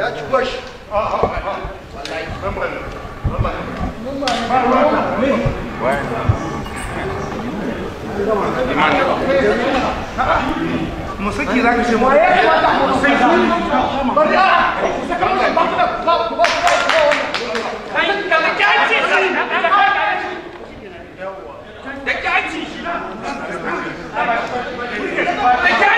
Ya ci kwash. Wallahi. Mamman. Mamman. Mamman. mu saki za ka ce mu ya kamata mu saki bari a ku saka mu ba ku da ba ku ba ku ba kai ka da kaci da kaci da kaci